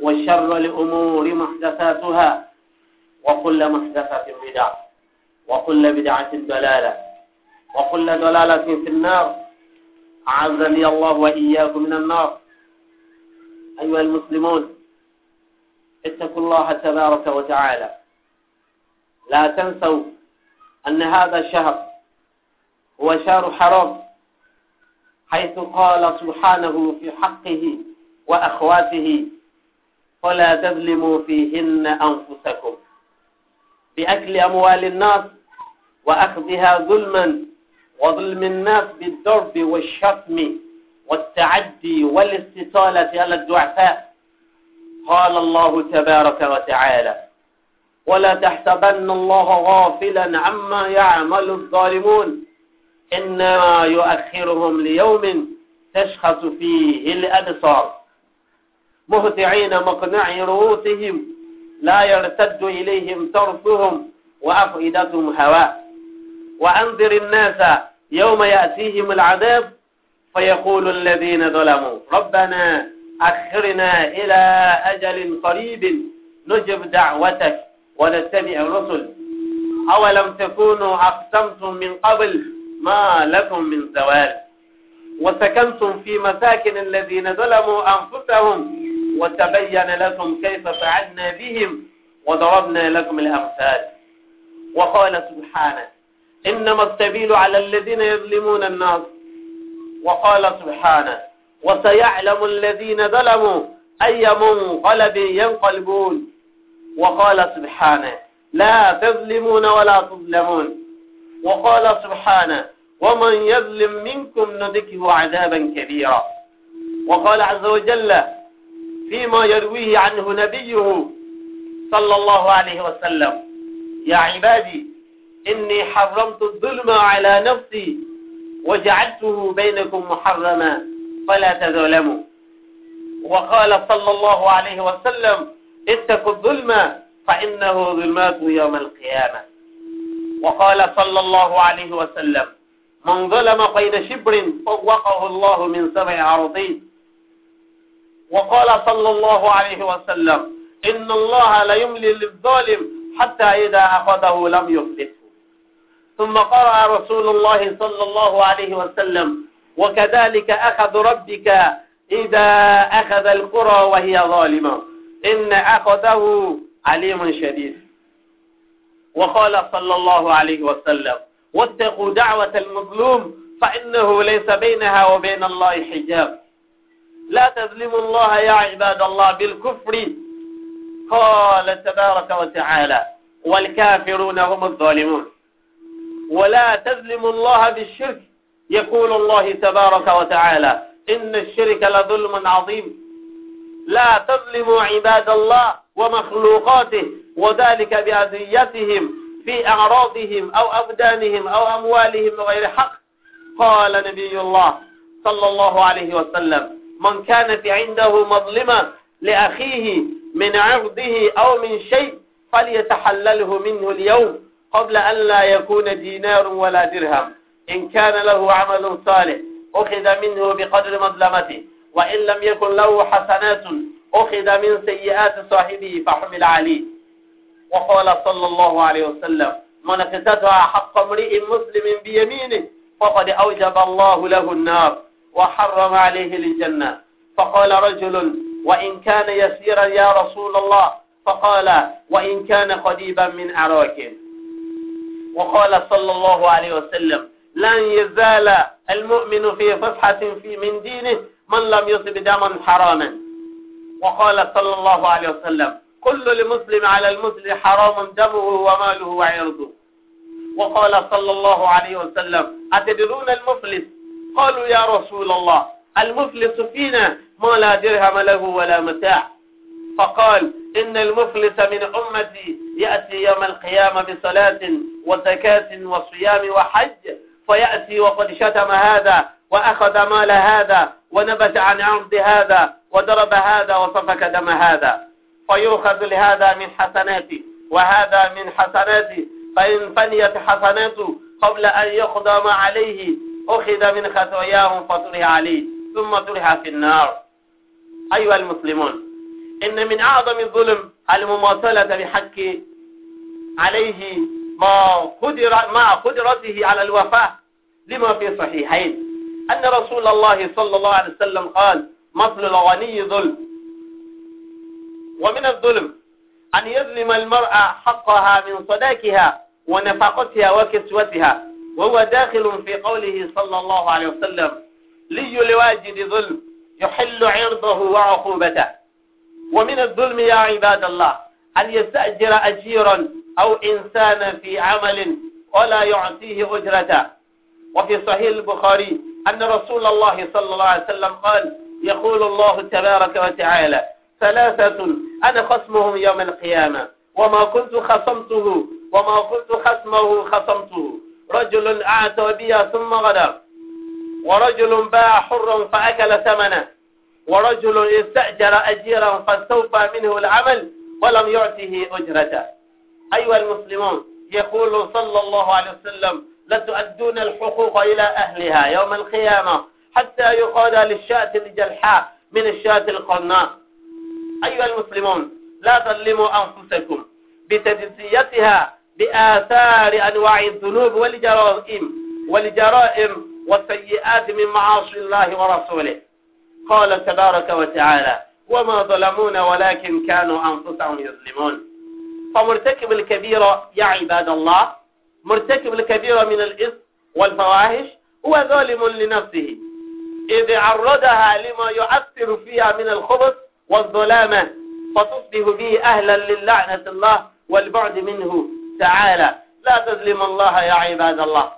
وشر الأمور محدثاتها وكل محدثة بدعة وكل بدعة دلالة وكل دلالة في النار أعزني الله وإياكم من النار أيها المسلمون اتقوا الله تبارك وتعالى لا تنسوا أن هذا الشهر هو شهر حرام حيث قال سبحانه في حقه وأخواته ولا تظلموا فيهن أنفسكم بأكل أموال الناس وأخذها ظلما وظلم الناس بالضرب والشتم والتعدي والاستطالة على الضعفاء قال الله تبارك وتعالى ولا تحسبن الله غافلا عما يعمل الظالمون إنما يؤخرهم ليوم تشخص فيه الأبصار مهتعين مقنع رؤوسهم لا يرتد إليهم طرفهم وأفئدتهم هواء وأنذر الناس يوم يأتيهم العذاب فيقول الذين ظلموا ربنا أخرنا إلى أجل قريب نجب دعوتك ونتبع الرسل أولم تكونوا أقسمتم من قبل ما لكم من زوال وسكنتم في مساكن الذين ظلموا أنفسهم وتبين لكم كيف فعلنا بهم وضربنا لكم الأمثال وقال سبحانه إنما السبيل على الذين يظلمون الناس وقال سبحانه وسيعلم الذين ظلموا أي منقلب ينقلبون وقال سبحانه لا تظلمون ولا تظلمون وقال سبحانه ومن يظلم منكم نذكه عذابا كبيرا وقال عز وجل فيما يرويه عنه نبيه صلى الله عليه وسلم يا عبادي إني حرمت الظلم على نفسي وجعلته بينكم محرما فلا تظلموا وقال صلى الله عليه وسلم اتقوا الظلم فإنه ظلمات يوم القيامة وقال صلى الله عليه وسلم من ظلم بين شبر فوقه الله من سبع عرضين وقال صلى الله عليه وسلم إن الله لا يملي للظالم حتى إذا أخذه لم يفلح ثم قرأ رسول الله صلى الله عليه وسلم وكذلك أخذ ربك إذا أخذ القرى وهي ظالمة إن أخذه عليم شديد وقال صلى الله عليه وسلم واتقوا دعوة المظلوم فإنه ليس بينها وبين الله حجاب لا تظلموا الله يا عباد الله بالكفر قال تبارك وتعالى والكافرون هم الظالمون ولا تظلموا الله بالشرك يقول الله تبارك وتعالى إن الشرك لظلم عظيم لا تظلموا عباد الله ومخلوقاته وذلك بأذيتهم في أعراضهم أو أبدانهم أو أموالهم غير حق قال نبي الله صلى الله عليه وسلم من كانت عنده مظلمة لأخيه من عرضه أو من شيء فليتحلله منه اليوم قبل أن لا يكون دينار ولا درهم إن كان له عمل صالح أخذ منه بقدر مظلمته وإن لم يكن له حسنات أخذ من سيئات صاحبه فحمل عليه وقال صلى الله عليه وسلم من اقتتها حق امرئ مسلم بيمينه فقد أوجب الله له النار وحرم عليه الجنة فقال رجل وإن كان يسيرا يا رسول الله فقال وإن كان قديبا من أراك وقال صلى الله عليه وسلم لن يزال المؤمن في فسحة في من دينه من لم يصب دما حراما وقال صلى الله عليه وسلم كل المسلم على المسلم حرام دمه وماله وعرضه وقال صلى الله عليه وسلم أتدرون المفلس قالوا يا رسول الله المفلس فينا ما لا درهم له ولا متاع فقال إن المفلس من أمتي يأتي يوم القيامة بصلاة وزكاة وصيام وحج فيأتي وقد شتم هذا وأخذ مال هذا ونبت عن عرض هذا وضرب هذا وصفك دم هذا فيؤخذ لهذا من حسناتي وهذا من حسناتي فإن فنيت حسناته قبل أن يقضى ما عليه أخذ من خطاياهم فطرح عليه ثم طرح في النار أيها المسلمون إن من أعظم الظلم المماثلة بحق عليه ما قدر مع قدرته على الوفاء لما في صحيحين أن رسول الله صلى الله عليه وسلم قال مثل الغني ظلم ومن الظلم أن يظلم المرأة حقها من صداكها ونفقتها وكسوتها وهو داخل في قوله صلى الله عليه وسلم لي لواجد ظلم يحل عرضه وعقوبته ومن الظلم يا عباد الله أن يستأجر أجيرا أو إنسانا في عمل ولا يعطيه أجرته وفي صحيح البخاري أن رسول الله صلى الله عليه وسلم قال يقول الله تبارك وتعالى ثلاثة أنا خصمهم يوم القيامة وما كنت خصمته وما كنت خصمه خصمته رجل أعطى بيا ثم غدر ورجل باع حرا فأكل ثمنه ورجل استأجر أجيرا فاستوفى منه العمل ولم يعطه أجرته أيها المسلمون يقول صلى الله عليه وسلم لتؤدون الحقوق إلى أهلها يوم القيامة حتى يقال للشاة الجلحاء من الشاة القناء أيها المسلمون لا تظلموا أنفسكم بتجزيتها بآثار أنواع الذنوب والجرائم والجرائم والسيئات من معاصي الله ورسوله قال تبارك وتعالى وما ظلمون ولكن كانوا أنفسهم يظلمون فمرتكب الكبيرة يا عباد الله مرتكب الكبيرة من الإثم والفواحش هو ظالم لنفسه إذ عرضها لما يؤثر فيها من الخبث والظلامة فتصبح به أهلا للعنة الله والبعد منه تعالى لا تظلم الله يا عباد الله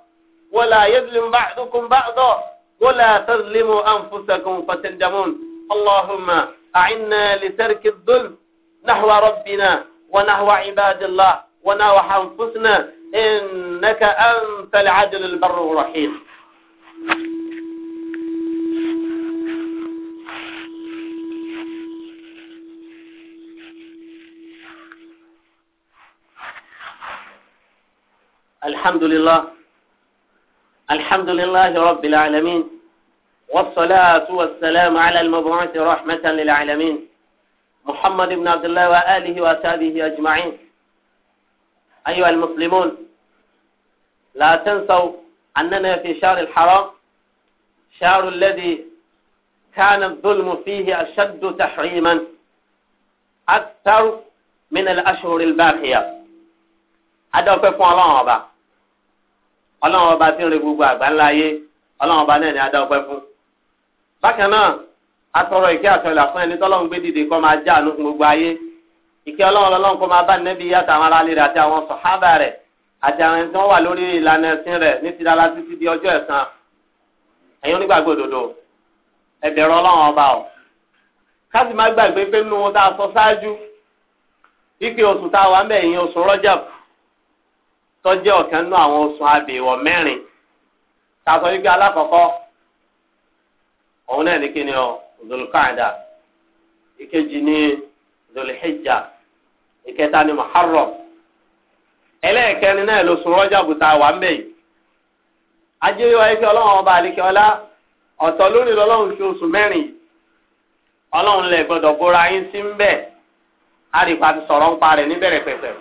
ولا يظلم بعضكم بعضا ولا تظلموا أنفسكم فتندمون اللهم أعنا لترك الظلم نحو ربنا ونحو عباد الله ونحو أنفسنا إنك أنت العدل البر الرحيم الحمد لله الحمد لله رب العالمين والصلاة والسلام على المبعوث رحمة للعالمين محمد بن عبد الله وآله وأصحابه أجمعين أيها المسلمون لا تنسوا أننا في شهر الحرام شهر الذي كان الظلم فيه أشد تحريما أكثر من الأشهر الباقية adọ́pẹ́ fún ọlọ́run ọba ọlọ́run ọba tí ń re gbogbo àgbáńlá ayé ọlọ́run ọba náà ni adọ́pẹ́ fún. bákan náà atọrọ ìkẹ́ àtọlà fún ẹni tọ́lọ́run gbé dìde kọ́ máa já àánú fún gbogbo ayé ìkẹ́ ọlọ́run ọlọ́run kọ́ máa bá nẹ́bí yàtọ̀ àwọn aráàlú rẹ̀ àti àwọn sọ̀hábà rẹ̀ àti àwọn ẹni tí wọ́n wà lórí ìlànà ẹ̀sìn rẹ̀ ní ti dára títí di ọjọ́ ẹ̀san ẹ̀yin onígbàgbọ́ òdodo ẹ ọlọ́run ọba o ká gbàgbé pé nínú wọn tá a sọ ṣáájú wípé oṣù tá a wà ń bẹ̀ ìyẹn oṣù rọ́jàpù tọ́jẹ́ ọ̀kan nínú àwọn oṣù abèèwọ̀ mẹ́rin ta sọ alákọ̀ọ́kọ́ òun náà ní kíni ọ zulkaada ìkejì ní zulhijja ìkẹta ní muharram ẹlẹ́ẹ̀kẹrin náà ló sun rọ́jà bùtà wà ń bẹ̀ yìí kí ọlọ́run ọba àlekè ọlá ọ̀tọ̀ lórí lọ́lọ́run fi oṣù mẹ́rin ọlọ́run lẹ̀ gbọ́dọ̀ bóra yín sí ń bẹ̀ ti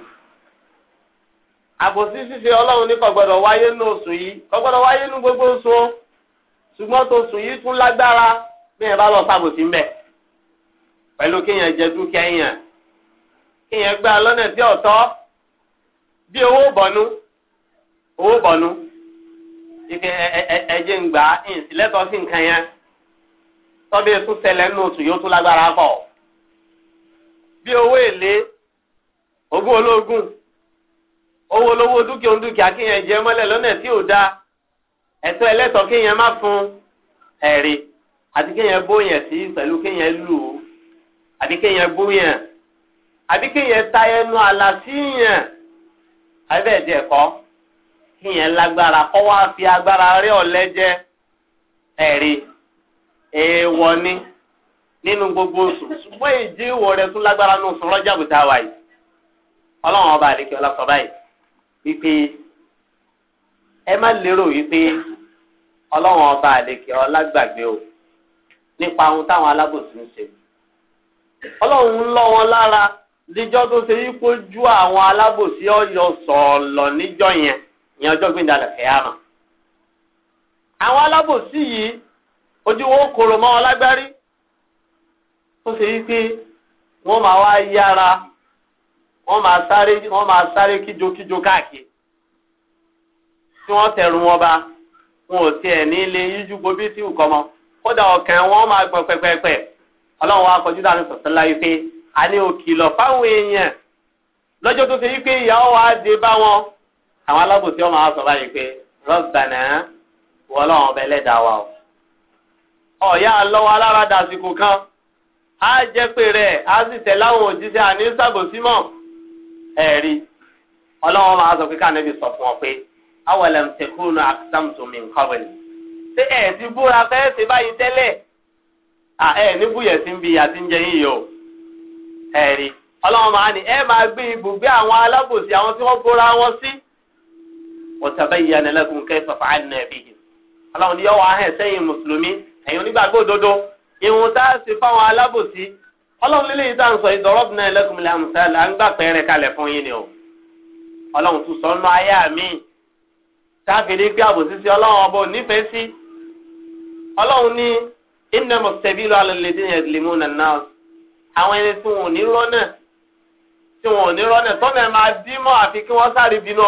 àbòsí ṣíṣe ọlọ́run ní kò wáyé ní oṣù yìí wáyé ní gbogbo oṣù o ṣùgbọ́n tó sùn yìí tún lágbára bí yẹn bá lọ sábòsí ń bẹ̀ pẹ̀lú kéèyàn jẹ dúkìá yẹn kéèyàn gbé alọ́nà tí ike ẹ̀jẹ̀ ń gbà ìsìlẹ́tọ̀ sí nǹkan yẹn tọ́bí ní oṣù tún lágbára pọ̀ bí owó èlé ogún owó lówó dúkìá ń dúkìá kéèyàn jẹ mọ́lẹ̀ lọ́nà tí ò dáa ẹ̀tọ́ ẹlẹ́tọ́ kéèyàn má fún ẹ̀rí àti kéèyàn bóyàn sí pẹ̀lú kéèyàn lù ú àbí kéèyàn bóyàn àbí kéèyàn ta ẹnu àlà síyàn kọ́ lágbára kọ́ wá fi agbára rí ọ̀lẹ́ jẹ ẹ̀rí ni nínú gbogbo ṣùgbọ́n ìdí ìwọ̀ tún lágbára nù jàbùtà wáyé ọlọ́run ọba báyìí. wípé ẹ má lérò wípé ọlọ́wọ́n ọba àlekè ọlágbàgbé o nípa ohun táwọn alábòsí ń ṣe ọlọ́run ń lọ wọn lára níjọ́ tó ṣe yípo ju àwọn alábòsí ọ̀yọ́ sọ̀ọ̀lọ̀ níjọ́ yẹn ìyẹn ọjọ́ gbẹ̀dàlẹ̀ kẹ́yàmà àwọn alábòsí yìí ojú wọn kòrò mọ́ wọn lágbárí tó ṣe yí wọ́n máa wá yára wọ́n máa sáré wọ́n máa sáré kíjokíjo káàkiri tí wọ́n tẹ̀rù wọn ba wọn ò tiẹ̀ ní ilé yíjú gbobí tí ò kọ́mọ kódà ọ̀kẹ́ wọn máa gbọ̀n pẹ́pẹ́pẹ́ ọlọ́run wa kọjú dànù sọ̀tún láyé pé a ní òkìlọ̀ fáwọn èèyàn lọ́jọ́ tó ṣe wípé ìyàwó wa dé bá wọn àwọn alábòsí ọmọ wa sọ báyìí pé rọ́bànà wọ́n lọ́wọ́ ọbẹ̀ lẹ́dàá wa o ọ̀yá lọ́wọ́ alára dàsìkò kan á jẹ́ pé rẹ̀ á sì tẹ̀ láwọn òjíṣẹ́ àní sàbòsímọ̀ ẹ̀rí ọlọ́wọ́ máa sọ pé káànẹ́bí sọ fún ọ pé awọlẹ̀ ń tẹkùnù àkàtàmùtòmí nǹkan wẹ̀lẹ̀ ṣé ti búra fẹ́ ṣe báyìí tẹ́lẹ̀ à sí ń bi àti ń jẹ yín yìí o ẹ̀rí ọlọ́wọ́ máa ní ẹ máa gbé ibùgbé àwọn alábòsí àwọn tí wọ́n awọn wọn sí kẹfà yọ wàá hẹ̀ sẹ́yìn mùsùlùmí onígbàgbọ́ òdodo tá a ọlọ́run lílé yìí tá à ń sọ ìdọ̀rọ́bù náà lẹ́kùnmí lẹ́hàn sẹ́lẹ̀ à ń gbà pẹ́ẹ́rẹ́ kalẹ̀ fún yín ni o ọlọ́run tún sọ nínú ayé mi káfíìrì pé àbòsí sí ọlọ́run ọba onífẹ̀ẹ́ sí ọlọ́run ní ìnáwó sẹ́bílù alẹ́lẹ́dẹ́ yẹn lèmú nàná àwọn ẹni tí wọn ò ní rọ́nà tí wọn ò ní rọ́nà tọ́nà ẹ̀ máa dí mọ́ àfi kí wọ́n sáré bínú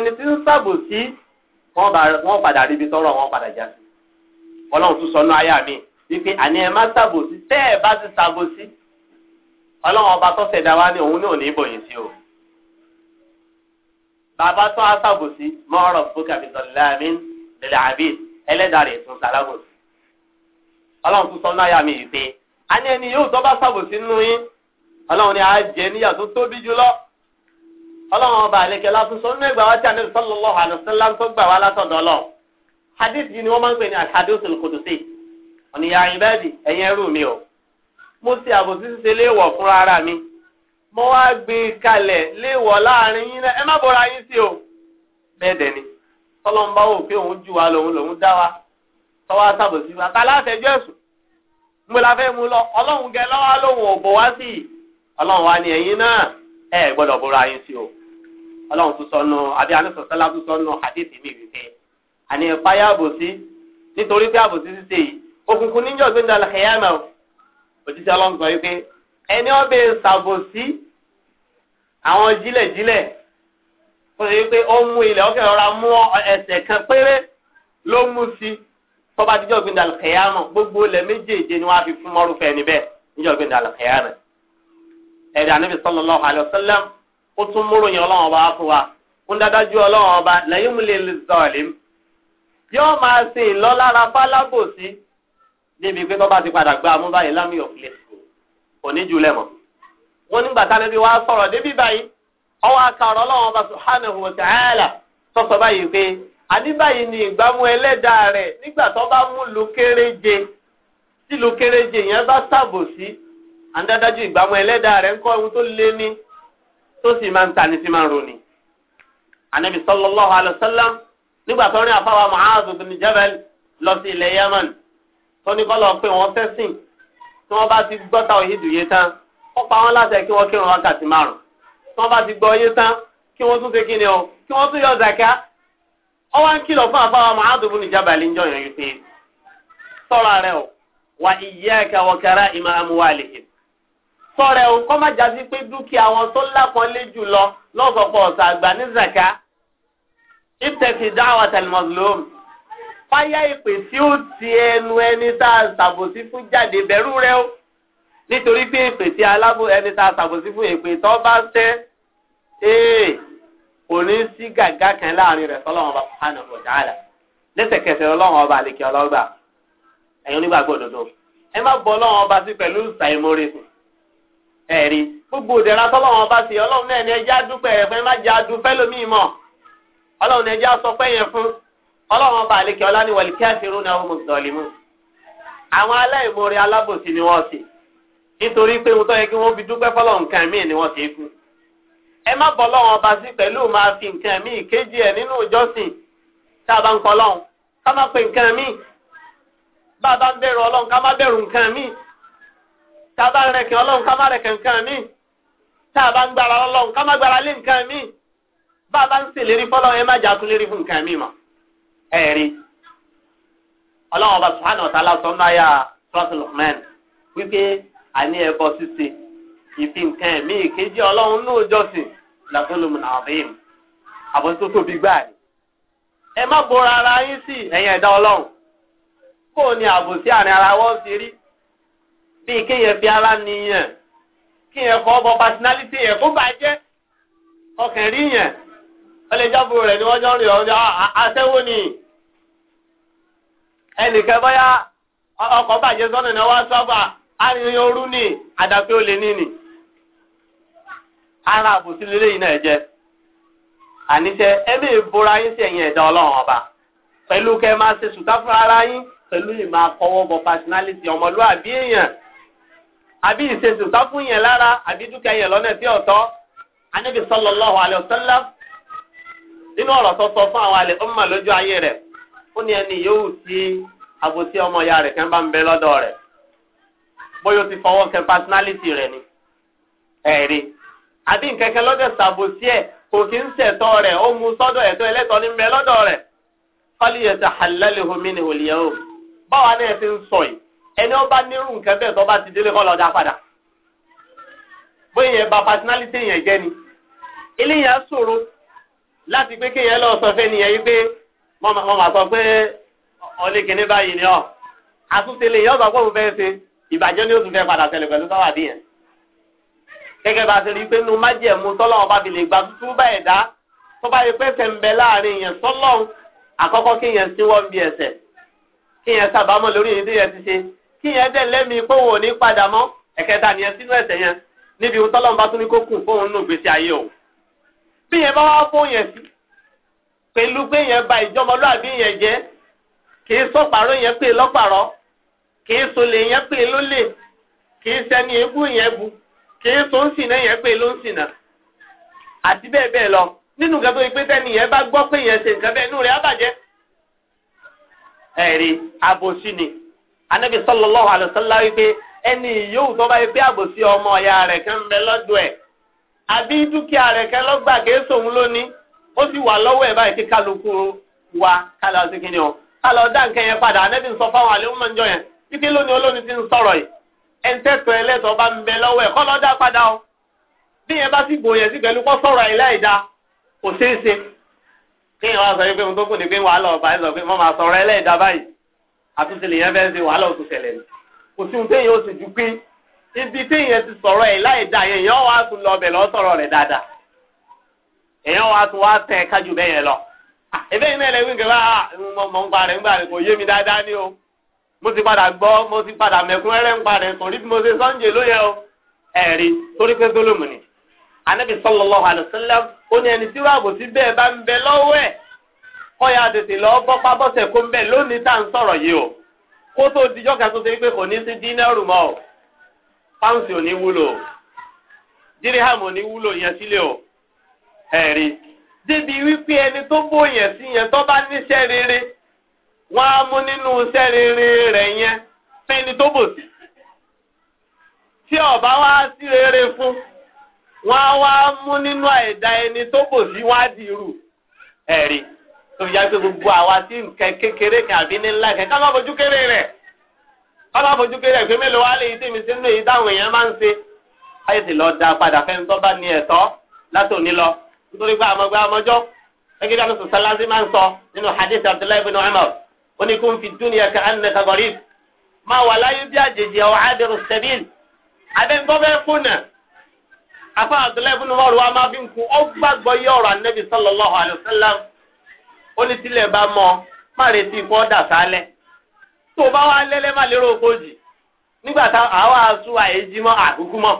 ọlọ́run wọ́n padà ríbi tọ́rọ̀ wọn padà já sí ọlọ́run tún sọ ní àyà mi wípé àní ẹ má ṣàbòsí tẹ́ ẹ bá ti ṣàbòsí ọlọ́run ọba tó ṣẹ̀dá wa ní òun ní òní ìbòyìn sí o bàbá tó á ṣàbòsí mọ́ọ̀rọ̀ fúkà bìtọ̀láàmì bẹ̀rẹ̀ àbí ẹlẹ́dàá rẹ̀ tún ṣàlábòsí ọlọ́run tún sọ ní àyà mi wípé àní ẹni yóò tọ́ bá ṣàbòsí nínú yín ọlọ́run ni àá jẹ níyà tó tóbi jùlọ. ọlọ́run ọba àlekẹ́ látúnṣọ nínú ẹgbàá wájú àná sallallahu alaihi wasallam tó gbà wá látọ̀dọ̀ lọ. hadith yìí ni wọ́n máa ń pè ní alhadithul qudusi ọ̀nìyà ìbẹ́ẹ̀dì ẹ̀yìn mi o. mo àbòsí ṣe léèwọ̀ fúnra ara mi. mo wá gbé e kalẹ̀ léèwọ̀ láàrin yín náà ẹ má bọ̀ra yín o. bẹ́ẹ̀ dẹ̀ ni bá wò pé òun jù ta mu ẹ gbọ́dọ̀ bóra yín sí o ọlọ́run tún sọ nù àbí anísọ̀sọ́lá tún sọ nù àdéhìí mi wípé àní ìpáyà àbòsí nítorí pé àbòsí ṣíṣe yìí òkùnkùn níjọ́ gbé ndàlẹ̀ kẹyàmà òjíṣẹ́ ọlọ́run sọ wípé ẹni ọbẹ̀ ṣàbòsí àwọn jílẹ̀jílẹ̀ ó ṣe wípé ó mú ilẹ̀ ó fẹ́ rọra mú ẹsẹ̀ kan péré ló mú sí tọ́ba díjọ́ gbé ndàlẹ̀ kẹyàmà gbogbo ilẹ̀ méjèèjì ni wọ́n á fi fún mọ́rúfẹ́ níbẹ̀ níjọ́ gbé ndàlẹ̀ kẹyàmà ẹ̀rí ànábì sallallahu alaihi wasallam ó tún múrò yẹn ọlọ́run ọba ọlọ́run ọba lẹ́yìn mú lè yóò máa ṣe ìlọ́lára fálábòsí níbi pé tó ti padà gba amú báyìí lámì òkèlè òní jùlẹ̀ mọ́ nígbà wa sọ̀rọ̀ báyìí ọwọ́ akàrọ̀ ọlọ́run ọba subhanahu wa ta'ala sọ̀sọ̀ báyìí pé àní báyìí ni ìgbàmú ẹlẹ́dàá rẹ̀ nígbà mú lu kéréje tí lu kéréje yẹn bá àńdádájú ìgbàmọ́ ẹlẹ́dàá rẹ̀ ń kọ́ ohun tó lé ní tó sì máa ń ta ni sí máa ń roni. ànábì sallallahu alaihi nígbà tó rìn àfáwà Mu'adh bin lọ sí ilẹ̀ Yemen tó ní kọ́ pé wọ́n tí wọ́n ti gbọ́ta òhìdù yé tán wọ́n pa wọ́n láṣẹ kí wọ́n kírun wákàtí márùn ti gbọ́ yé tán kí wọ́n tún ṣe kí ni o kí wọ́n tún ọ wá ń kìlọ̀ fún àfáwà sọ̀rẹ́ o kọ́ má jásí pé dúkìá wọn tó lápọ́nlé jù lọ lọ́sọ̀pọ̀ ọ̀sà àgbà ní zaka ìtẹ̀kì dáwà tẹlifọ̀sùlùm fáyà ìpè tí ó ti ẹnu ẹni tá a ṣàbòsí fún jáde bẹ̀rù rẹ o nítorí pé ìpè tí alábò ẹni tá a ṣàbòsí fún ìpè tó bá tẹ́ ee kò ní sí gàgá kan láàrin rẹ̀ sọ́lọ́wọ́n bá fún àwọn ọ̀jà àlà lẹ́sẹ̀kẹsẹ̀ ọlọ́wọ́n ọba àlekè ọlọ́gbà ẹ̀yin onígbàgbọ́ òdodo ẹ má bọ ọlọ́wọ́n ọba sí pẹ̀lú ṣàìmórè sùn. ẹ̀rí gbogbo òdẹ̀ra tọ́lọ́wọ́n bá si! ọlọ́run náà ẹjẹ́ àdúpẹ́ rẹ̀ má jẹ́ àdúpẹ́ lómi mọ̀ ọlọ́run ẹjẹ́ fún ọlọ́run ọba àlekè ọlá ní ni wọ́n ṣe nítorí pé wọ́n tọ́ yẹ kí wọ́n fi dúpẹ́ ni wọ́n ẹ ọba sí pẹ̀lú máa fi nǹkan míì kéjì ẹ̀ nínú ìjọsìn a bá ń kọ́ lọ́hùn ká má pe nǹkan míì bá a bá ń bẹ̀rù tá a bá ọlọ́run ká má rẹ̀kẹ̀ nǹkan míì tá a bá ń gbára ọlọ́run ká má gbára lé nǹkan bá a bá ń ṣèlérí fọlọ́, ẹ má jà tún lérí fún nǹkan mi mọ́ ẹ̀rí ọlọ́run ọba sùhánà ọ̀tá wípé àní ẹ̀bọ ṣíṣe ìfi nǹkan ọlọ́run ní làtọ́lùmù tóbi ni ẹ má bora ara yín sí ẹ̀yìn ẹ̀dá ọlọ́run àbòsí àárín ara wọn ti bíi kéèyàn fi ara nìyẹn kéèyàn kọ́ ọbọ̀ personality yẹn kó bàjẹ́ ọkàn rí yẹn ọlẹ́jàbù rẹ̀ ni wọ́n jọ ń rìn ọjọ́ àṣẹ́wó ni ẹnìkan bọ́yá ọkọ̀ bàjẹ́ sọ́nà ni wọ́n sọ́gbà arìnrìn òru ni àdàpé olè ní ara àbòsí lélẹ́yìn náà jẹ́ àníṣe ẹbí ìbora yín sí ẹ̀yìn ẹ̀dá ọlọ́run ọba pẹ̀lú kẹ́ máa ṣe sùtá fún ara yín pẹ̀lú ìmọ̀ personality ọmọlúwàbí èèyàn àbí ise fún yẹn lára àbí dúkìá yẹn lọ́nà tí ọ̀tọ́ anábì sallallahu alaihi nínú ọ̀rọ̀ sọ fún àwọn àlè ọmọ lójú ayé rẹ̀ ó ní ẹni yóò ti àbòsí ọmọ rẹ̀ kẹ́ńbà ń bẹ lọ́dọ̀ rẹ̀ bóyá ti fọwọ́ pásínálítì rẹ̀ ni ẹ̀rí àbí nkẹ́kẹ́ lọ́dọ̀ sàbòsí ẹ̀ kò kí ń ṣẹ̀tọ́ rẹ̀ ó mu sọ́dọ̀ ẹ̀tọ́ ẹlẹ́tọ́ ní ń bẹ lọ́dọ̀ rẹ̀ fọ́lì yẹn ti hàlẹ́lẹ̀ homi ni òlìyẹ́ báwa náà ẹni ọba nírú nǹkan bẹ́ẹ̀ tó bá ti délé kọ́ lọ padà bóyá ba personality yẹn jẹ́ ni eléyà ṣòro láti pé kéèyàn lọ sọ fẹ́ nìyẹn yìí pé wọ́n máa sọ pé ọ̀lẹ́kẹ̀ẹ́ ní báyìí ni ọ́ àtúnṣe lè yọ ọ̀sán pọ̀ fẹ́ ṣe ìbàjẹ́ ni ó tún fẹ́ padà ṣẹlẹ̀ pẹ̀lú sáwàdí yẹn gẹ́gẹ́ bá a ṣe rí i pé nu májẹ̀mú tọ́lọ́wọ́n bá fi lè gba tútú bá ẹ̀dá tó bá yẹ pé tẹ̀m̀bẹ̀ láàrin yẹn sọ́lọ́hún àkọ́kọ́ kéèyàn sí wọ́n bí ẹsẹ̀ kéèyàn sábàámọ̀ lórí ìdí yẹn ti ṣe kí yẹn dẹ̀ lẹ́mìí pé òun ò ní padà mọ́ ẹ̀kẹta nìyẹn sínú ẹ̀ṣẹ̀ yẹn níbi ohun tọ́lọ́mùbá tún ní kó kù fóun nù gbèsè ayé òun. bí yẹn bá wá fóun yẹn sí pẹ̀lú pé yẹn ba ìjọmọlúàbí yẹn jẹ́ kì í sọ̀pàrọ̀ yẹn pè lọ́pàrọ̀ kì í solè yẹn pè lólè kì í sẹ́ni ebú yẹn bu kì í so ń yẹn pè ló ń àti bẹ́ẹ̀ bẹ́ẹ̀ lọ nínú nǹkan tó yẹ pé sẹ́ni yẹn bá gbọ́ pé yẹn ṣe nǹkan bẹ́ẹ̀ nù rẹ̀ á bàjẹ́ ẹ̀rí àbòsí ni anabi sallallahu alaihi wasallam wípé ẹni yòówù tó bá yẹ pé àbòsí ọmọ ọ̀yà rẹ̀ kan bẹ lọ́dọ̀ ẹ̀ àbí dúkìá rẹ̀ kan lọ́gbà kéésì òun lónìí ó sì wà lọ́wọ́ ẹ̀ báyìí kí kálukú wa kálá sí kíni o kálá ọ̀dà nǹkan yẹn padà anabi ń sọ fáwọn àlẹ́ ọmọ ìjọ yẹn títí lónìí olónìí ti ń sọ̀rọ̀ yìí ẹni tẹ́tọ̀ ẹlẹ́tọ̀ bá ń bẹ lọ́wọ́ ẹ̀ kọ́ lọ́dà padà o bí yẹn bá sì gbòòyàn sí pẹ̀lú kọ́ sọ̀rọ̀ ẹ̀ láìda àtúnṣe lèyàn fẹ́ ṣe wàhálà òtún ṣẹlẹ̀ ni kò sí ohun téèyàn ó sì ju pé ibi téèyàn ti sọ̀rọ̀ ẹ̀ láì da yẹn èèyàn wàá tún lọ ọbẹ̀ lọ sọ̀rọ̀ rẹ̀ dáadáa èèyàn wàá tún wàá tẹ̀ kájú bẹ́ẹ̀ yẹn lọ. ebe yìí mẹ́lẹ̀ wíńkẹ́ wá mọ̀ ń parẹ́ ń parẹ́ kò yé mi dáadáa ni o mo ti padà gbọ́ mo ti padà mẹ̀kúnrẹ́rẹ́ ń parẹ́ torí bí mo ṣe sọ́njẹ ló yẹ o ẹ̀rí torí pé gbólómù ni. Ànábì sallallahu alaihi wasallam ó ní ẹni tí wàá bò sí bẹ́ẹ̀ bá ń bẹ lọ́wọ́ ẹ̀ kọ́ya tètè lọ bọ́ pábọ́sẹ̀ kó ń bẹ̀ lónìí tá ń sọ̀rọ̀ yìí o kó tó dijọ́ kan tó ṣe pé kò ní sí dínẹ́rù mọ́ o pounds ò o dirham ò ní wúlò yẹn sílẹ̀ o ẹ̀rí débi wípé ẹni tó sí yẹn tó bá ọba wá sí rere fún wọ́n á wá mú nínú àìda ẹni tó bò sí tóbi já pé gbogbo àwa tí nǹkan kékeré kan àbí ní ńlá kan ká má fojú kéré rẹ̀ ká má fojú kéré rẹ̀ pé mélòó wá lè tèmi sínú èyí táwọn èèyàn máa ń ṣe káyọ̀ sì lọ da padà fẹ́ni tó bá ní ẹ̀tọ́ látòní lọ nítorí pé àmọ́gbá ọmọjọ́ gẹ́gẹ́ bí àwọn sọ̀sọ́ lásì máa ń sọ nínú hadith abdullahi bin umar ó ní kó ń fi dúnìyà ká ẹnì kan gọ̀rí máa wà láyé bí àjèjì ọ̀ adìrú ó ní tílẹ̀ bá mọ́ ọ má retí kó dà sálẹ̀ tó o bá wá lẹ́lẹ́ má lérò òkòjì nígbà tá àwa aṣọ àìjí mọ́ àkúkú mọ́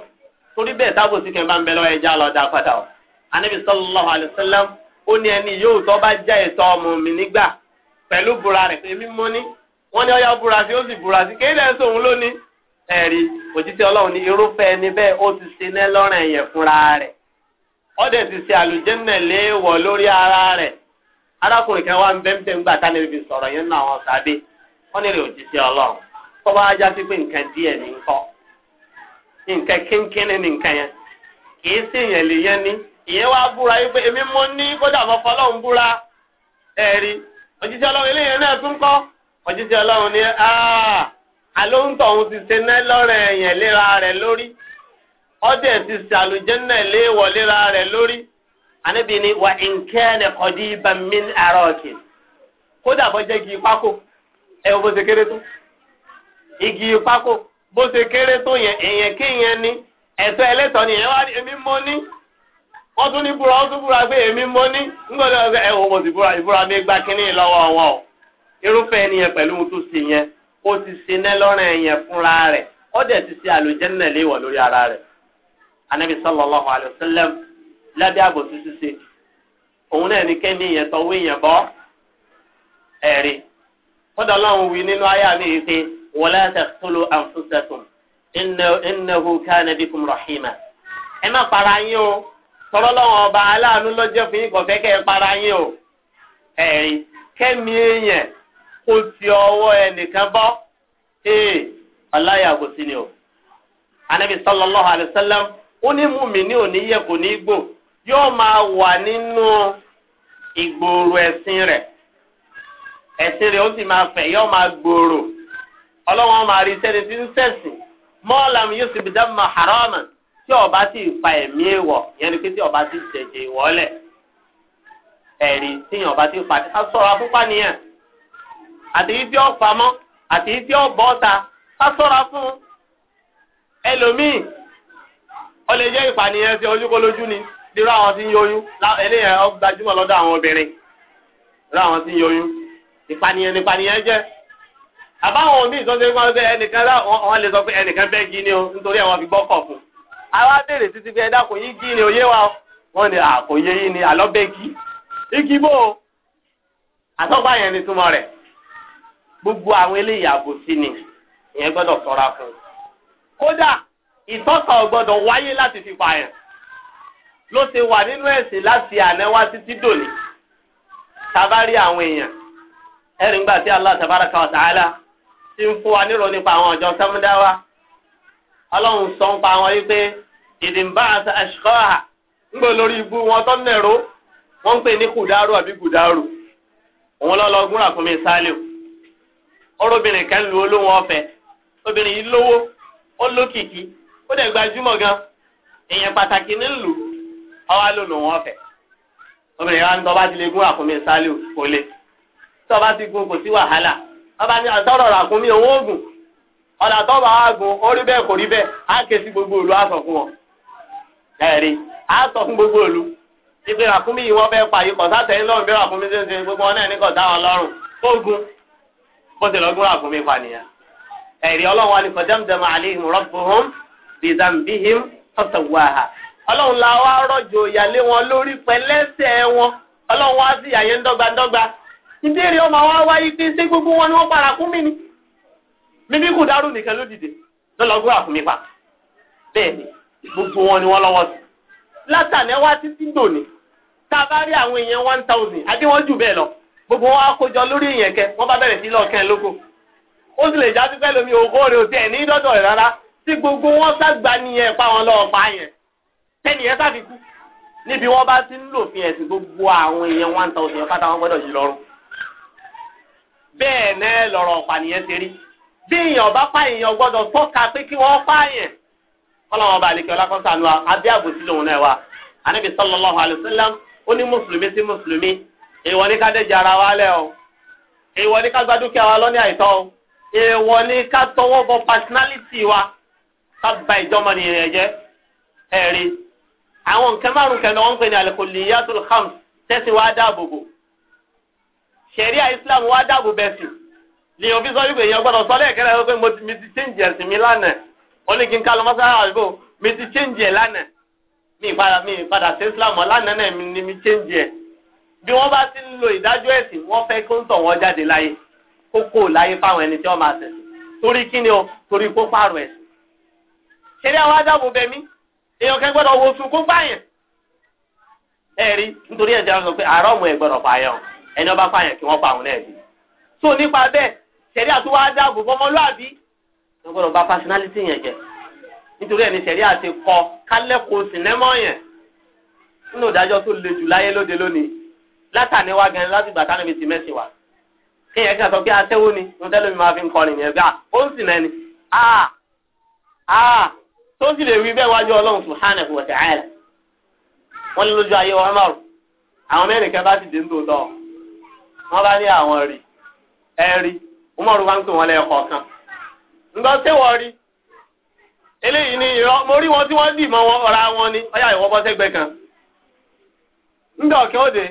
torí bẹ́ẹ̀ sábò sí kẹ́ńbà ń bẹ lọ́wọ́ ẹja lọ́dà padà o anabi sallallahu alayhi wa ó ní ẹni yóò tọ́ bá já ẹ̀tọ́ ọmọ mi nígbà pẹ̀lú búra rẹ̀ pé ní wọ́n ní ọyá sí ó sì arákùnrin kan wá ń bẹ́ńbẹ́ ń gbà tánà ibi sọ̀rọ̀ yẹn náà wọn sábẹ́ wọn nílò òjíṣẹ́ ọlọ́run tó bá ajá sí pé nǹkan díẹ̀ ní nǹkọ́ nǹkan kínkínní ní nǹkan yẹn kì sí ìyẹn lè yẹn ní ìyẹn wá búra yìí pé èmi mo ní kódà búra ọlọ́run náà tún kọ́ ọlọ́run ní àlóńtọ̀ òun ti ṣe náà lọ́rẹ̀ ẹ̀yẹn lórí anabi ni wa nkẹ́ni kọ́díba min arọ́ọ̀kì kódà bọ́ jẹ́ igi pákó ẹ wo bó ṣe igi pákó ní ẹ̀tọ́ ẹlẹ́tọ́ ni ẹ̀ wá èmi ní wọ́n tún ní bura wọ́n tún búra ní ńgbọ́dọ̀ ẹ wo bó ṣe mi gba o irúfẹ́ ẹniyẹn pẹ̀lú tó ṣe yẹn ó ti fúnra ara rẹ̀ anabi sallallahu alayhi lábẹ́ àbòsí ṣíṣe òun náà ní kẹ́mi yẹn tọ́wọ́ èèyàn bọ́ ẹ̀rí kódà ọlọ́run wí nínú àyà mi yìí pé wala taqtulu anfusakum innahu kana bikum rahima ẹ má para yín o tọrọ lọ́wọ́ ọba aláàánú lọ́jọ́ fún yín kò fẹ́ kẹ́ ẹ para yín o ẹ̀rí kẹ́mi èèyàn kò ti ọwọ́ ẹnìkan bọ́ ee ọláyà àbòsí ni o anabi sallallahu alayhi wa ó ní mùmí ní òní yẹ kò ní gbò. yóò máa wà nínú ìgboro ẹ̀sìn rẹ̀ ẹ̀sìn rẹ̀ ó sì máa fẹ̀ yóò máa gbòòrò ọlọ́wọ́n máa rí sẹ́ni tí ń sẹ̀sìn mọ́ọ̀làm yóò sì bìdá mọ́ haraman tí ọba ti fa ẹ̀mí èèwọ̀ yẹn ni pé tí ọba ti jẹ̀jẹ̀ ìwọ́lẹ̀ ẹ̀rí tíyàn ọba ti fa ká sọ̀rọ̀ afúnpá nìyẹn àti ibi ọ̀pamọ́ àti ibi ọ̀bọ̀ọ̀ta ká sọ̀rọ̀ fún ẹlòmíì ó lè jẹ́ ìpànìyàn sí ojúkọ lójú ni. irú àwọn tí ń yọyún eléyàn gbajúmọ̀ lọ́dọ̀ àwọn obìnrin irú àwọn tí ń yọyún ìpànìyàn nípànìyàn jẹ́ àbáwọn omi ìtọ́jú ẹgbẹ́ ọgbẹ́ ẹnìkan wọn lè sọ pé ẹnìkan bẹ́ẹ̀ jí ni o nítorí àwọn fi fún béèrè títí kò yí ni wa wọn ni ni àlọ́ bẹ́ẹ̀ ló ṣe wà nínú ẹ̀sìn láti àná wá títí dòní tabari àwọn èèyàn ẹ̀rìn gbà tí Allah tabaraka wa ta'ala ti ń fún wa nírò nípa àwọn ọ̀jọ́ sẹ́múdáwá ọlọ́run sọ ń pa wọn wípé ìdìbò àti àṣìkọ́hà ń gbé lórí ibú wọn tó nẹ̀rọ wọ́n ń pè ní kùdárù àbí kùdárù òun lọ́ lọ gúnra fún mi sálíù ọ̀rọ̀bìnrin kan lu olóhùn ọ̀fẹ́ obìnrin yìí lówó ó lókìkí ó dẹ̀ gbajúmọ̀ gan èèyàn pàtàkì nílùú ọwá ló lò wọ́n fẹ̀ obìnrin wa ń tọ́ bá ti lè gún àkúnmí sálíù kò le tọ́ bá ti gun kò sí wàhálà ọba ní àtọ́rọ̀ àkúnmí òun ó gùn ọ̀nà tó bá gbogbo òlu á sọ fún wọn ẹ̀rí á sọ gbogbo òlu ìpè àkúnmí yìí wọ́n fẹ́ pa tẹ̀yìn lọ́rùn bí àkúnmí ṣe ń ṣe gbogbo wọn náà ní wọn lọ́rùn ó gun bó ti ọlọ́run la wá rọ̀jò ìyàlé wọn lórí pẹ̀lẹ́sẹ̀ wọn ọlọ́run wá sí ìyàyẹn dọ́gbadọ́gba ìbéèrè ọmọ wa wáyé pé ṣé gbogbo wọn ni wọ́n para kún mi ni mímí kò dárò nìkan ló dìde lọ́lọ́gbọ́n àfúnmi pa bẹ́ẹ̀ ni gbogbo wọn ni wọ́n lọ́wọ́ sí látàní wá títí dòní tá a bá rí àwọn èèyàn one thousand àti wọn jù bẹ́ẹ̀ lọ gbogbo wọn akójọ lórí èèyàn kẹ wọ́n bá bẹ̀rẹ̀ sí lọ́ọ̀kẹ́ lóko ó sì lè já sí pẹ́ lómi òkóòrè òtí ẹ̀ ní dọ́dọ̀ rẹ̀ rárá tí gbogbo wọn sá gba pa wọn lọ́ọ̀ pa yẹn bá fi kú níbi wọ́n bá ti ń lòfin ẹ̀sìn gbogbo àwọn èèyàn one thousand pátá wọn gbọ́dọ̀ yí lọ́rùn bẹ́ẹ̀ náà lọ̀rọ̀ ọ̀pànìyàn ti rí bí èèyàn pààyàn gbọ́dọ̀ tọ́ka pé kí wọ́n pààyàn kọ́lọ́wọ́n bá àlekẹ́ ọlákọ́sánú abẹ́ àbòsí lòun náà wà ó ní mùsùlùmí sí mùsùlùmí èèwọ̀ ní ká ara wa lẹ́ o èèwọ̀ ní ká àwọn nǹkan márùn kan ni wọ́n ń pè ní al-kulliyatul khams tẹ́sí wá dáàbò bò ṣẹ̀ríà islam wá dáàbò bẹ̀sìn ni òbí sọ wípé èèyàn gbọ́dọ̀ sọ lẹ́ẹ̀kẹ́rẹ́ wípé mi ti change ẹ̀sìn mi lánàá ó ní kí n ká lọ mọ́sára àdúgbò mi ti change ẹ̀ lánàá mi ìpadà mi ìpadà sí islam lánàá náà ni mi change ẹ̀ bí wọ́n bá ti ń lo ìdájọ́ ẹ̀sìn wọ́n fẹ́ kó ń tọ̀ wọ́n jáde láyé kó kó láyé fáwọn ẹni tí wọ́n máa ṣẹ̀sìn torí kí o torí kó pààrọ̀ ẹ̀sìn ṣeré àwọn adáàbò bẹ̀ mí èèyàn kẹ́ gbọ́dọ̀ wo sunkún báyẹn ẹ̀rí nítorí ẹ̀jẹ̀ àwọn sọ pé àárọ̀ ọmọ ẹ̀ gbọ́dọ̀ pààyàn ẹni ọba pààyàn kí wọ́n pa àwọn náà so nípa bẹ́ẹ̀ sẹ̀rí àti wàá dáàbò fọmọlúàbí ẹ gbọ́dọ̀ bà personality yẹn jẹ́ nítorí ẹni sẹ̀rí àti kọ kálẹ́kọ̀ọ́ sinẹ́mọ́ yẹn nínú ìdájọ́ tó le jù láyé lóde lónìí látàní wá gan láti gbà tánàbí ti mẹ́sìn wá kéèyàn kí n sọ pé aṣẹ́wó ni mo tẹ́lẹ̀ mi máa fi ń kọrin yẹn gbà ó ń sìn ẹni tó sì lè wí bẹ́ẹ̀ wájú ọlọ́run subhanahu wọ́n ní lójú ayé àwọn mẹ́rin bá ti dé wọ́n bá ní àwọn rí ẹ̀rí rí Umar wá ń wọ́n lẹ́ẹ̀kọ̀ kan rí eléyìí ni mo rí wọn tí wọ́n dì mọ́ wọn ọ̀rá wọn ni ọ̀yà ìwọ́ bọ́ sẹ́gbẹ́ kan ọ̀kẹ́ òde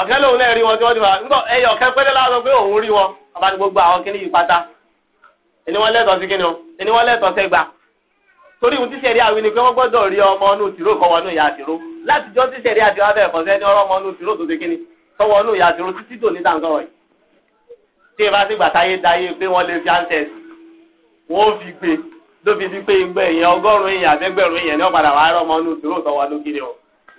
ọ̀kẹ́ lòun wọn tí wọ́n dì torí ohun tí sẹ̀rí àwìn ni pé wọ́n gbọ́dọ̀ rí ọmọ inú tìró kọ́ wọnú ìyá tìró látijọ́ tí sẹ̀rí àti wàá bẹ̀rẹ̀ kọ́ sẹ́ni ọ̀rọ̀ ọmọ inú tìró tó ṣe kíni tọwọ́ inú ìyá tìró títí tò ní tàǹtọ̀rọ̀ yìí tí ẹ bá sì gbàtáyé dayé pé wọ́n lè fi ansẹ́s wọ́n fi gbé lóbi di pé ìgbẹ́ èèyàn ọgọ́rùn-ún èèyàn àtẹ́gbẹ̀rún èèyàn ní ọ̀padà wàá rọ́ ọmọ inú tìró tọwọ́ inú kiri o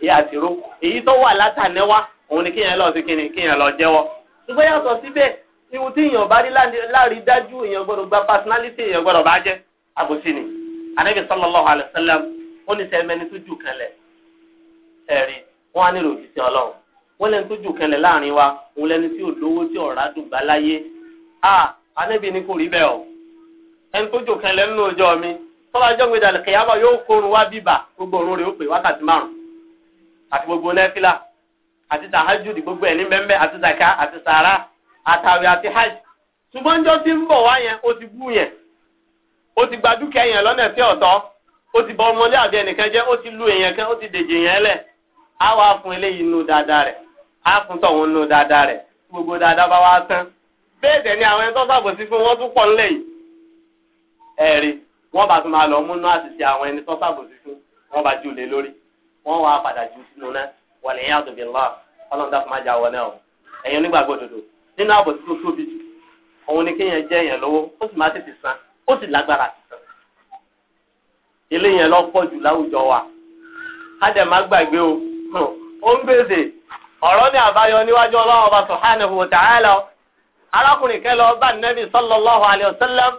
ìyá tìró èyí tó wà látànẹ́wá òun ni kíyàn lọ sí kíni kíyàn lọ jẹ́wọ́ ṣùgbọ́n yàtọ̀ síbẹ̀ ihun tí èèyàn bá rí láàrí dájú èèyàn gbọ́dọ̀ gba personality èèyàn gbọ́dọ̀ bá jẹ́ àbòsí anabi sallallahu alayhi wa sallam ó ní sẹ́mẹ́ni tó jù kanlẹ̀ ẹ̀rí wọ́n á nílò òfìsẹ́ ọlọ́run wọ́n lẹ́ni tó jù kanlẹ̀ láàrin wa òun lẹ́ni tí ò lówó tí ọ̀rá dùn gbá láyé a anabi ni kò rí bẹ́ẹ̀ o ẹni tó jù kanlẹ̀ nínú ọjọ́ mi tọ́lá ọjọ́ gbé dalẹ̀ kẹ̀yàmọ̀ yóò kórun wá bíbà gbogbo òun rè ó pè wákàtí márùn àti gbogbo nẹ́fílà àti tahajud gbogbo ẹ̀ ní àti zaka àti sàrà àtàwé àti hajj ṣùgbọ́n jọ́ ń bọ̀ wá yẹn ó ti bú yẹn ó ti gba dúkìá èèyàn lọ́nà tí ọ̀tọ́ ó ti bọ ọmọdé àbí ẹnìkan jẹ́ ó ti lu èèyàn kan ó ti dèjì èèyàn lẹ̀ á wá fún eléyìí nù dáadáa rẹ̀ á fún tọ̀hún nù dáadáa rẹ̀ gbogbo dáadáa bá wá tán bẹ́ẹ̀ dẹ̀ ni àwọn ẹni tó ṣàbòsí fún wọn tún pọ̀ ńlẹ̀ yìí ẹ̀rí wọ́n bá tún máa lọ múnú àṣìṣe àwọn ẹni tó ṣàbòsí fún wọn bá jù lé lórí wọ́n wá padà jù sínú náà wọlé yẹn àtúnbí lọ́wọ́ ọlọ́run dákun má jà wọ náà ẹ̀yin onígbàgbọ́ òdodo nínú àbòsí tó tóbi òun ni kéèyàn jẹ́ èèyàn lówó ó sì má tètè san ó sì lágbára Ile eléyìí lọ pọ̀ jù láwùjọ wa ádẹ má gbàgbé o ó ń gbèsè ọ̀rọ̀ ní àbáyọ níwájú ọlọ́run ọba subhanahu wa ta'ala arákùnrin kẹlọ bá nẹ́bí sallallahu alayhi wa sallam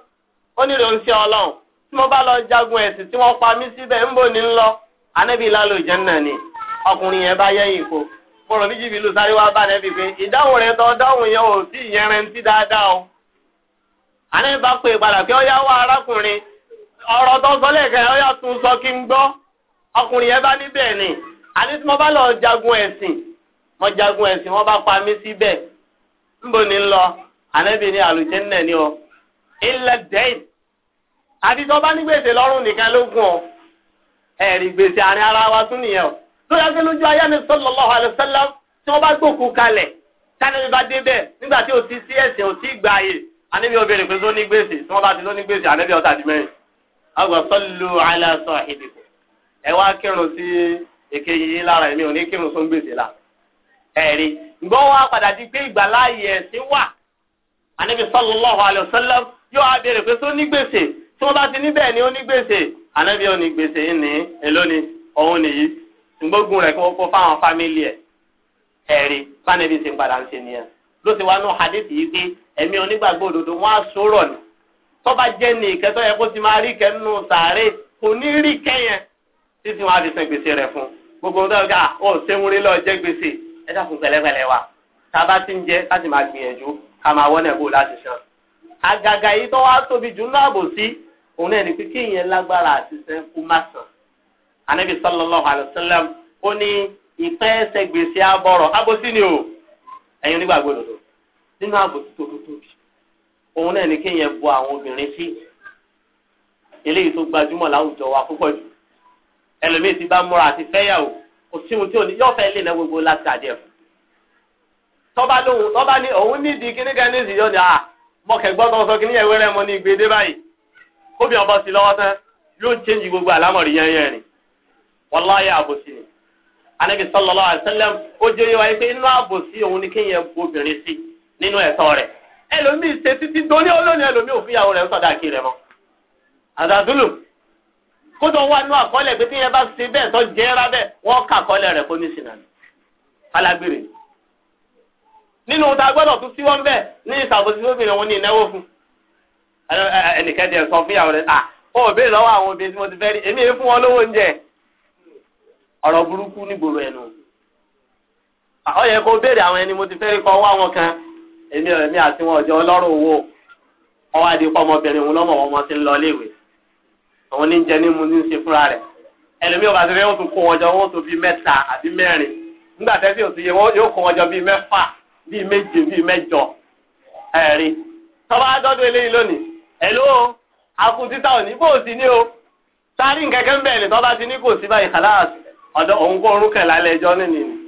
ó ń ṣe ọlọ́run tí mo bá lọ jagun ẹ̀sìn tí wọ́n pa mí mboni ń bò ní ń lọ anẹ́bí ni ọkùnrin yẹn bá yẹ́yìn kó mo rò ní jìbìlú sáré wá bá pé ìdáhùn yẹn ò sí ìyẹn ń dáadáa àná ìbá pè padà pé ọyá wá arákùnrin ọ̀rọ̀ tó sọ lẹ́ẹ̀kan ọyá tún sọ kí n gbọ́ ọkùnrin yẹn bá níbẹ̀ ni àní tí mo bá lọ jagun ẹ̀sìn mo jagun ẹ̀sìn wọ́n bá pa mí síbẹ̀ níbo ni ń lọ ànábì ní àlùjẹ́nà ni ọ ilẹ̀ dẹ́yìn àti tó bá ní gbèsè lọ́rùn nìkan ló gùn ọ ẹ̀rì gbèsè àárín ara wa tún nìyẹn o tó yàgbé lójú ayé mi sallallahu alaihi wasallam tí wọ́n bá gbòkú kalẹ̀ tánàbí bá débẹ̀ nígbà tí ò ti sí ẹ̀sìn ò ti gbà yìí anabi obìnrin pé tó ní gbèsè tí wọn bá ti tó ní gbèsè anabi ọtá di mẹ́rin àgbà sọlù aláṣọ àhìdìkù ẹ wá kírun sí èkejì yìí lára ẹmí òní kírun tó ń gbèsè la ẹ̀rí ǹgbọ́n wa padà di pé ìgbàláyè ẹ̀sìn wà anabi sallallahu alaihi wasallam yóò wá pé tó gbèsè tí wọn bá ti ní ni ó ní gbèsè anabi ò ní gbèsè yìí ní èló ni òun nìyí ǹgbógun rẹ̀ kó fáwọn fámìlì ẹ̀ ẹ̀rí bá anabi ti padà ń ṣe nìyẹn ló ti wá nù hadith yìí pé ẹ̀mí onígbàgbọ́ òdodo wọn á sọ̀rọ̀ ni tọ́ba jẹ́ ní ìkẹ́ tó yẹ kó ti máa rí ìkẹ́ nínú sàárè kò ní rí ìkẹ́ yẹn títí wọn á fi san gbèsè rẹ̀ fún gbogbo ohun tó ń ká ọ sẹ́wúrí lọ jẹ́ gbèsè ẹ dákun pẹ̀lẹ́pẹ̀lẹ́ wa tába ti ń jẹ láti máa gbìyànjú ká máa wọ́n náà láti san àgàgà yìí tó wá tóbi jù ńlá àbòsí òun náà ní pé kí lágbára àti sẹ́ kú má sàn anabi sallallahu alayhi ó ní ìpẹ́ ẹsẹ̀ gbèsè abọ́rọ̀ abọ́sí ni o ẹ̀yin onígbàgbọ́ òdodo nínú àbòsí tó tóbi òun náà ní kéèyàn bo àwọn obìnrin sí eléyìí tó gbajúmọ̀ láwùjọ wa púpọ̀ jù ẹlòmíì ti bá múra àti fẹ́yàwó kò sí ohun tí òní yóò fẹ́ lè náà gbogbo láti adìẹ fún tọ́ba lóhùn tọ́ba ní òun nídìí kíníkan ní ìsìyọ́ ni à mọ̀kẹ́ gbọ́dọ̀ sọ kíní ẹ̀wé rẹ̀ mọ́ ní ìgbédé báyìí kóbi ọ̀bọ sí lọ́wọ́ tán yóò chẹ́ǹjì gbogbo àlámọ̀rí yẹn yẹn ni wàláyé àbòsí ni anabi sallallahu alaihi wasallam ó jẹ́ yẹ wáyé pé inú àbòsí òun ni kéèyàn obìnrin sí. nínú ẹ̀tọ́ rẹ̀ ẹlòmíì ṣe títí dóní olónìí ẹlòmíì òfìyàwó rẹ̀ ń sọ̀dá kí rẹ̀ mọ́ àdàdúlù kó tó wà nú àkọọ́lẹ̀ pé tí yẹn bá ṣe bẹ́ẹ̀ tó kó ní sinà ní alágbèrè nínú ta gbọ́dọ̀ tún síwọ́n bẹ́ẹ̀ ní ìṣàbòsí wọn ní ìnáwó fún ẹnìkan sọ fún rẹ̀ à ó béèrè lọ́wọ́ àwọn obìnrin tí mo ti fẹ́ rí fún wọn lówó oúnjẹ ọ̀rọ̀ ọ yẹ kó àwọn ẹni mo ti fẹ́ rí èmi ọ̀rẹ́ mi àti wọn ọjọ́ ọlọ́run owó ọwọ́ adé pọ̀ ọmọbìnrin òun lọ́mọ ọmọ ti ń lọ léèwé òun ní jẹ nímú ní ṣe fúnra rẹ̀ ẹlòmíì ọba tẹ̀lé yóò tún kó wọn jọ wọn tó bíi mẹ́ta àbí mẹ́rin nígbà tẹ́sí òsì yẹ wọn yóò kó wọn jọ bíi mẹ́fà bíi méje bíi mẹ́jọ ẹ̀rí tọ́ba dọ́dún eléyìí lónìí ẹ̀ló akun títà òní bó o sì ní o sáré nkẹ́kẹ́ ń bẹ̀rẹ̀ tọ́ba ti ní kò sí báyìí kàlá ọ̀dọ̀ òun kó orúkẹ̀ lálẹ́ ẹjọ́ nínú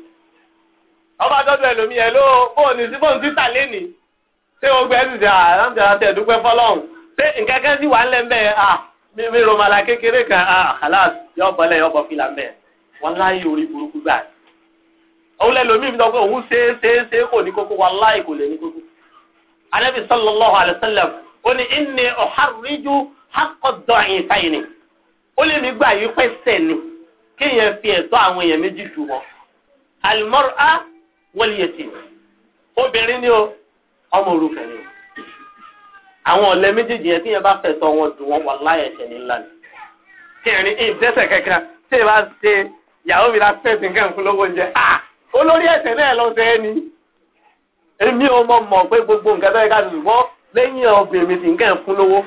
ọba dọ́dọ̀ ẹlòmíì ló fóònù sí fóònù o gbẹ́ ẹ̀sìn àá láǹtẹ̀ àti ẹ̀dúpẹ́ fọlọ́hún ṣé nǹkan kan wà ń lẹ́ ń à mi ro màlà kékeré kan à kàlàs yọ bọ́lẹ̀ yọ fìlà wọn láyé orí burúkú gbà. fi sọ pé òun ṣe é ṣe é ṣe kò ní kókó kò lè ní kókó. ó ní ọ̀hárìjú wọ́n yẹ ti obìnrin ni o ọmọ òrukàn ni o àwọn ọ̀lẹ́ méjèèjì yẹn tí yẹn bá fẹ̀sọ̀ wọn dùn wọn wà láyé ẹ̀ṣẹ̀ ní ńlá ni kẹrin ẹ̀ dẹ́ṣẹ̀ kankan tí ẹ bá ṣe yàwó mi la fẹ̀sìn kan fún lọ́wọ́ oúnjẹ ah olórí ẹ̀ṣẹ̀ náà lọ sẹ́ ẹni èmi ò mọ̀ mọ̀ pé gbogbo nǹkan tó yẹ ká dùn wọ́n lẹ́yìn obìnrin tí nǹkan fún lówó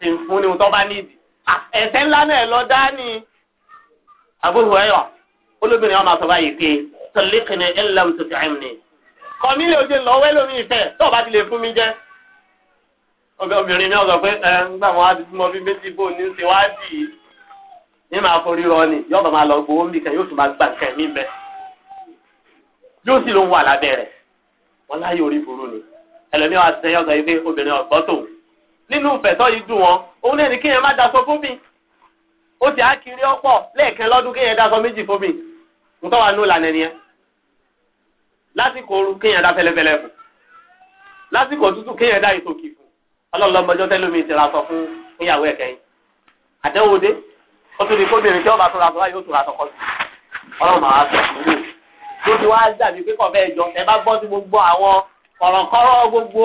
ti fún ni tó bá nídìí ẹ̀ṣẹ̀ ńlá náà lọ dání àbúrò ẹ̀yọ̀ olóbìnrin tọ̀lékìnì ẹ̀lẹ́m tó tẹ̀ ní. kọ́ mi lè ojú lọ wẹ́ lómi ìfẹ́ tó o bá ti lè fún mi jẹ́. obìnrin mi ọ̀ sọ pé ẹ nígbà wọn á ti fún ọ bí méjì bò ní ṣe wá ní màá forí rọ ni yóò bá máa lọ gbowó mi kan yóò tún máa gbà kẹ́ mi yóò sì ló ń wà lábẹ́ wọn láyé orí burú ni ẹlẹ́mi wa ti sẹ́yọ́ sọ yìí pé obìnrin ọ̀gbọ́n tòun nínú ìfẹ̀tọ́ yìí dùn wọn òun ní kéèyàn ntọ́ wa ní ìlànà ẹni yẹn lásìkò ooru kéèyàn dá fẹlẹfẹlẹ fún lásìkò òtútù kéèyàn dá ètò kì fún ọlọ́ọ̀lọ́mọjọ́ tẹ́lómi ti ra sọ fún ìyàwó ẹ̀ kẹ́yìn àtẹ́wòde ó tún ní kóbìnrin tí ọba tó ra sọ láyé ó tún ra sọ kọ́ sí ọlọ́run máa sọ fún mi tó ti wá dàbí pé kọ̀ọ̀fẹ́ ẹjọ́ ẹ bá gbọ́ sí gbogbo àwọn kọ̀rọ̀kọ́rọ̀ gbogbo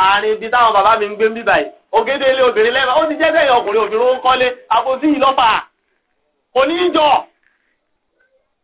àárín ibi táwọn bàbá mi ń gbé bíbà yìí ògédé obìnrin lẹ́ẹ̀ma ó ti jẹ́ bẹ́ẹ̀ ọkùnrin obìnrin ó ń kọ́lé àbòsí yìí lọ́fà kò ní í jọ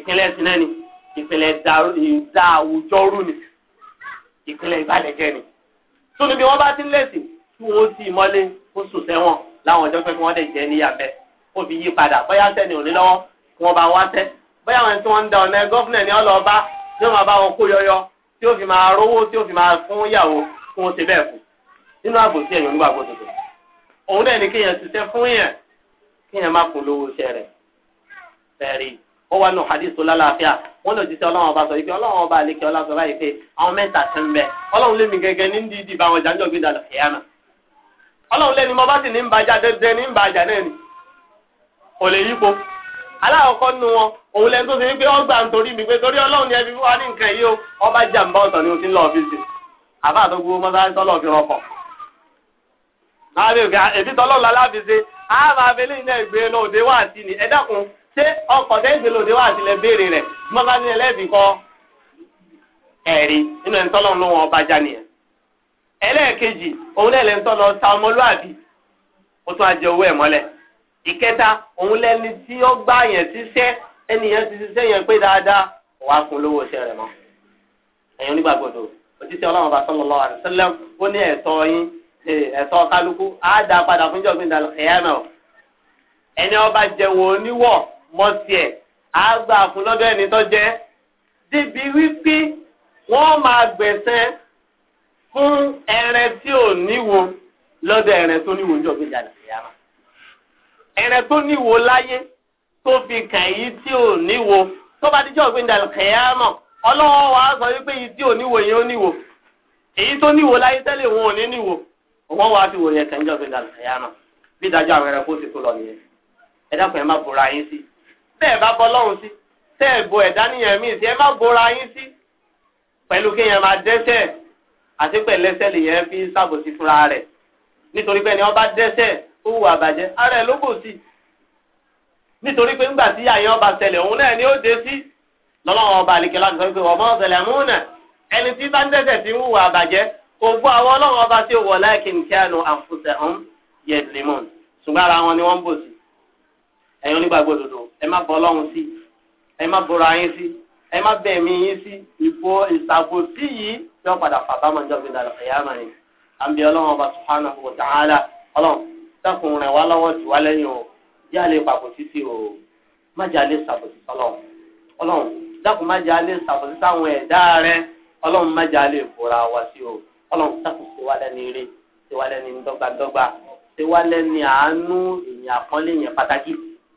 ìpínlẹ̀ ẹ̀sìn náà ni ìpínlẹ̀ ìdá àwùjọ rú ni ìpínlẹ̀ ìbàlẹ̀jẹ́ ni. tó níbi wọ́n bá ti ń lẹ̀sìn tí wọ́n ti mọ́lé kó sùn sẹ́wọ̀n láwọn ọjọ́ pé kí wọ́n lè jẹ́ níyà bẹ́ẹ̀ kó fi yí padà bóyá sẹ́ni ò ní lọ́wọ́ kí wọ́n bá wá sẹ́ bóyá àwọn tí wọ́n ń da ọ̀nà gọ́fìnà ni ọlọ́ọ̀bá tí ó máa bá wọn kó yọyọ tí ó fi máa rówó tí ó fi máa fún yàwó kí wọ́n ti bẹ́ẹ̀ fún nínú àbòsí ẹ̀yìn onígbàgbọ́ tuntun òun dẹ̀ ni kéèyàn ṣiṣẹ́ fún yẹn kéèyàn má kún lówó iṣẹ́ rẹ̀ fẹ́ẹ́ rí i ó wà nù hadith tó lálàáfíà wọn lòdì sí ọlọ́run ọba sọ yìí pé ọlọ́run ọba àlekè ọlá sọ báyìí pé àwọn ti ń bẹ gẹ́gẹ́ ní ndí gbé mo bá sì ní ń bàjá ní ń bàjá ni kò lè ni ní nǹkan yìí o ọba ni o ti ń lọ ọ́fíìsì àbá àtọ́gbó ṣé ọkọ̀ tẹ́ǹsì lòdì wà sílẹ̀ béèrè rẹ̀ bí wọ́n bá ní ẹlẹ́bí kọ́ ẹ̀rí nínú ẹni tọ́lọ́ ló wọn ọba já nìyẹn ẹlẹ́ẹ̀kejì òun náà lẹ́ni tọ́lọ́ ta ọmọlúwàbí ó tún ajẹ owó ẹ̀ mọ́lẹ̀ ìkẹta òun lẹ́ni tí ó gbá yẹn ṣiṣẹ́ ẹnìyẹn ti ṣiṣẹ́ yẹn pé dáadáa wàá fún lówó iṣẹ́ rẹ̀ mọ́ ẹ̀yin onígbàgbọ́dọ̀ òjíṣẹ́ ọlọ́run bá sallallahu alaihi wasallam ó ní ẹ̀tọ́ yín ẹ̀tọ́ kálukú á dá padà fún jọ̀gbìn dàlù ẹ̀yà náà ẹni ọba jẹun oníwọ̀ mọ́ tiẹ̀ á gbà fún lọ́dọ̀ ẹni tó jẹ́ débi wípé wọ́n máa gbẹ̀sẹ̀ fún ẹrẹ tí ò níwo lọ́dọ̀ ẹrẹ tó níwo ní ọ̀gbìn jàdà sí yàrá ẹrẹ tó níwo láyé tó fi kàn yí tí ò níwo tó bá díjọ́ ọ̀gbìn jàdà sí yàrá náà ọlọ́wọ́ wa sọ wípé yìí tí ò níwò yẹn ó níwò èyí tó níwò láyé tẹ́lẹ̀ wọn ò ní níwò wọ́n wá sí wò yẹn kẹ́ńjọ́ fi dàlù ẹ̀yà náà bí ìdájọ́ àwọn ẹranko ti tó lọ nìyẹn ẹ dákun ẹ má bora yín sí tẹ́ ẹ̀ bá bọ́ lọ́hùn sí tẹ́ ẹ̀ bo ẹ̀dá níyàn míì sí ẹ má bora yín sí pẹ̀lú kí yẹn máa dẹ́sẹ̀ àti pẹ̀lẹ́sẹ̀ lèyẹn fi ṣàbòsí fúnra rẹ̀ nítorí pé ẹni wọn bá dẹ́sẹ̀ ó wù àbàjẹ́ ara ẹ̀ ló bò sí nítorí pé ńgbà tí àyàn ọba ṣẹlẹ̀ òun náà ni ó dé sí lọ́lọ́wọ́ ọba àlìkẹ́ láti sọ pé ọmọ ọ̀sẹ̀lẹ̀ múnà ẹni tí bá ń dẹ́sẹ̀ tí ń wù àbàjẹ́ kò gbọ́ àwọn ọlọ́wọ́ ọba tí ó wọ̀ láìkí nìkẹ́ àná àfùsẹ̀ ọ̀hún yẹ̀dìlímọ̀n ṣùgbọ́n ara wọn ni wọ́n ń bò sí ẹ̀yin onígbàgbọ́ òdodo ẹ má bọ́ ọlọ́run sí ẹ má bọ́ra yín sí ẹ má bẹ̀ mí yín sí ìfò ìsàbò sí yìí tí wọ́n padà fà bámọ̀ jọ́ gbẹdà lọ́kẹ̀yàmà ni à ń bẹ ọlọ́run ọba subhanahu wa ta'ala ọlọ́run sẹ́kùn rẹ̀ wá lọ́wọ́ jù wá lẹ́yìn o yá lè pàpò títí o má jẹ́ alẹ́ sàbòsí ọlọ́run ọlọ́run dákun má jẹ́ alẹ́ sàbòsí sáwọn ẹ̀dá rẹ ọlọ́run má jẹ́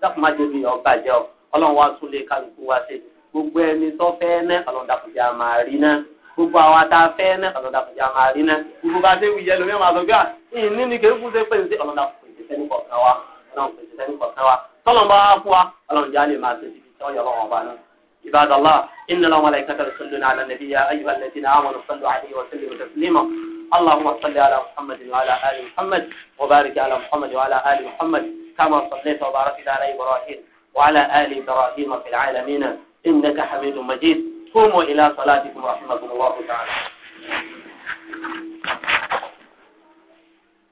dákun má jẹ́ bí ọba jẹ́ ọ ọlọ́run wá tún lé kálukú wá ṣe gbogbo ẹni tó fẹ́ ná ọlọ́run dákun jẹ́ àmà rí ná gbogbo àwa tá a fẹ́ ná ọlọ́run dákun jẹ́ àmà rí ná gbogbo bá ṣe wù yẹ lómi ọmọ àtọ́jú à ìní ni kéwù ṣe pé ṣe ọlọ́run dákun pèsè sẹ́ni kọ̀ọ̀kan wa ọlọ́run عباد الله إن الله ملائكته يصلون على النبي يا أيها الذين آمنوا صلوا عليه وسلموا تسليما اللهم صل على محمد وعلى آل محمد وبارك على محمد وعلى آل محمد كما صليت وباركت على إبراهيم وعلى آل إبراهيم في العالمين إنك حميد مجيد قوموا إلى صلاتكم رحمكم الله تعالى